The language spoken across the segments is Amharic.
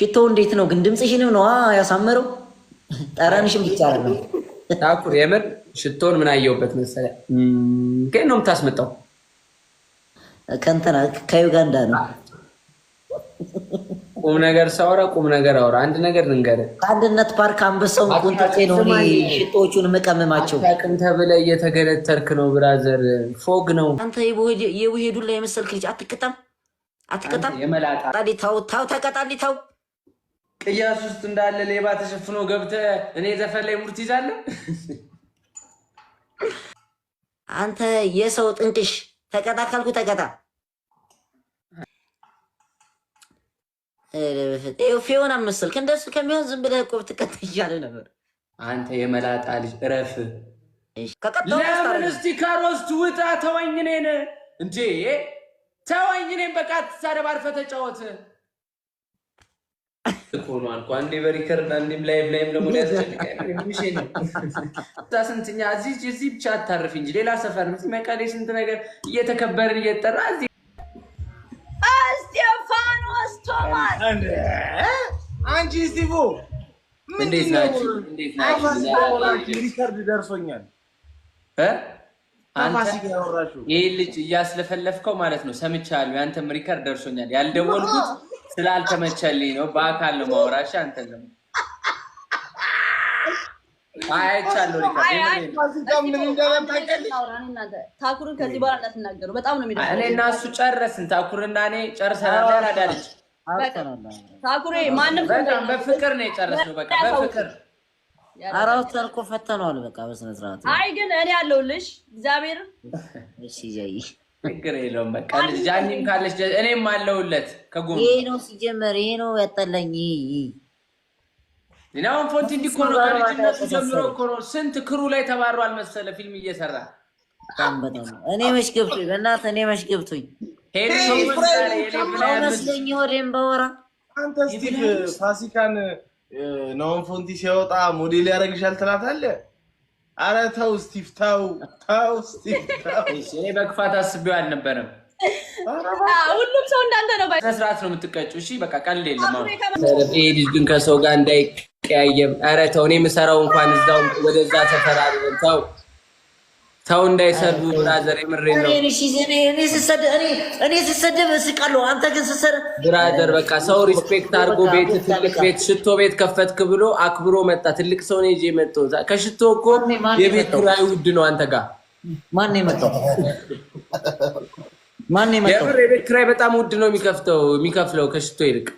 ሽቶ እንዴት ነው ግን? ድምፅሽንም ነው ያሳመረው። ጠረንሽም ብቻ ነው ታኩር። የምር ሽቶን ምን አየሁበት መሰለህ? ከየት ነው የምታስመጣው? ከእንትና ከዩጋንዳ ነው። ቁም ነገር ሳወራ ቁም ነገር አውራ። አንድ ነገር ልንገርህ። ከአንድነት ፓርክ አንበሳውን ቁንጥጬ ነው ሽቶቹን መቀመማቸው። አታውቅም ተብለህ እየተገለተርክ ነው ብራዘር። ፎግ ነው አንተ። የውሄዱላ የመሰልክ ልጅ አትቀጣም፣ አትቀጣም። ተው ተው፣ ተቀጣልኝ ተው ቅያስ ውስጥ እንዳለ ሌባ ተሸፍኖ ገብተህ እኔ ዘፈን ላይ ሙርት ይዛለሁ። አንተ የሰው ጥንቅሽ ተቀጣ ካልኩ ተቀጣ። ፊዮና መሰልክ እንደሱ ከሚሆን ዝም ብለህ እኮ ብትቀጣ ይሻልህ ነበር። አንተ የመላጣ ልጅ እረፍ። ለምን እስቲ ከሮስት ውጣ። ተወኝ እኔን እንዴ ተወኝ እኔን። በቃ አትሳደብ፣ አርፈህ ተጫወት። ሆኗል። አንዴ በሪከርድ አንዴም ላይ ላይም ለሞ ያስጨንቃል። ስንትኛ እዚህ እዚህ ብቻ አታርፍ እንጂ ሌላ ሰፈር መቀሌ ስንት ነገር እየተከበርን እየጠራ እስጢፋኖስ ቶማስ አንቺ ስቲፎ ሪከርድ ደርሶኛል። ይህ ልጅ እያስለፈለፍከው ማለት ነው። ሰምቻለሁ። ያንተም ሪከርድ ደርሶኛል ያልደወልኩት ስላልተመቸልኝ ነው። በአካል ነው ማውራሽ። አንተ ደግሞ ታኩርን ከዚህ በኋላ እንዳትናገሩ በጣም ነው እኔ እና እሱ ጨረስን። ታኩርና እኔ ጨርሰናል። ታኩሬ ማንም በፍቅር ነው የጨረስነው። በቃ በፍቅር አራት ተርኮ ፈተነዋል። በቃ በስነስርዓት አይ ግን እኔ ያለሁልሽ እግዚአብሔር እሺ ችግር የለውም። በቃ ጃኒም ካለች እኔም አለውለት ይሄ ነው ሲጀመር፣ ይሄ ነው ያጠላኝ። ፎንቲ ነው ከልጅነቱ ጀምሮ እኮ ነው። ስንት ክሩ ላይ ተባሯል መሰለ ፊልም እየሰራ እኔ መች ገብቶኝ፣ በእናትህ እኔ መች ገብቶኝ መስለኝ በወራ አንተ ፋሲካን ነውን ፎንቲ ሲያወጣ ሞዴል ያደረግሻል ትላታለህ አረ ተው ስቲቭ ተው ተው ስቲቭ ተው። እሺ በክፋት አስቤው አልነበረም። ሁሉም ሰው እንዳንተ ነው። በስነ ስርዓት ነው የምትቀጭው። እሺ በቃ ቀልድ የለም። ይሄ ልጅ ግን ከሰው ጋር እንዳይቀያየም። አረ ተው እኔ የምሰራው እንኳን እዛው ወደዛ ተፈራሪ ተው ሰው እንዳይሰዱ ብራዘር፣ የምሬ ነው። እኔ ስሰደብ እስቃለሁ፣ አንተ ግን ስሰደ ብራዘር፣ በቃ ሰው ሪስፔክት አድርጎ ቤት ትልቅ ቤት ሽቶ ቤት ከፈትክ ብሎ አክብሮ መጣ። ትልቅ ሰው ነው ይዤ መጣሁ። ከሽቶ እኮ የቤት ኪራይ ውድ ነው። አንተ ጋር ማነው የመጣው? ማነው የመጣው? የምር የቤት ኪራይ በጣም ውድ ነው የሚከፍተው የሚከፍለው ከሽቶ ይልቅ።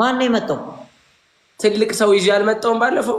ማን የመጣው? ትልቅ ሰው ይዤ አልመጣሁም ባለፈው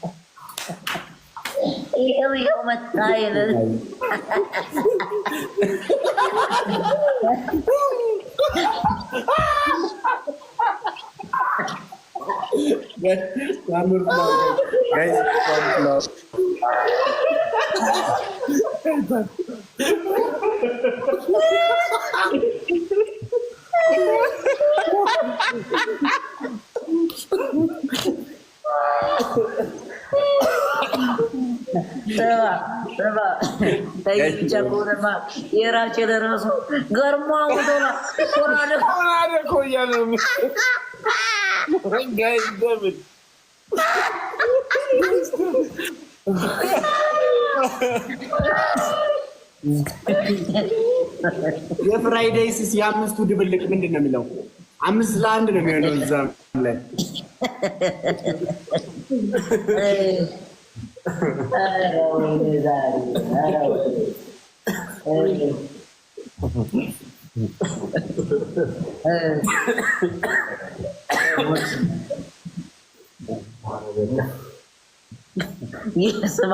ይኸው መጣ። ጨቁርማ የራች ገርሞ አውቶላ የፍራይዴይ ስስ የአምስቱ ድብልቅ ምንድን ነው የሚለው? አምስት ለአንድ ነው የሚሆነው እዛ ላይ ይህ ስማ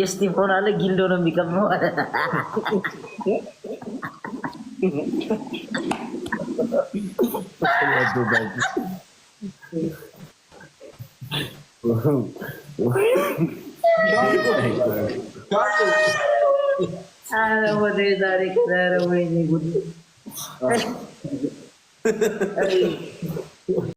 የስቲፎን አለ ጊልዶ ነው የሚቀምመው። ወደ ዛሬ ዛሬ ወይኔ ጉድ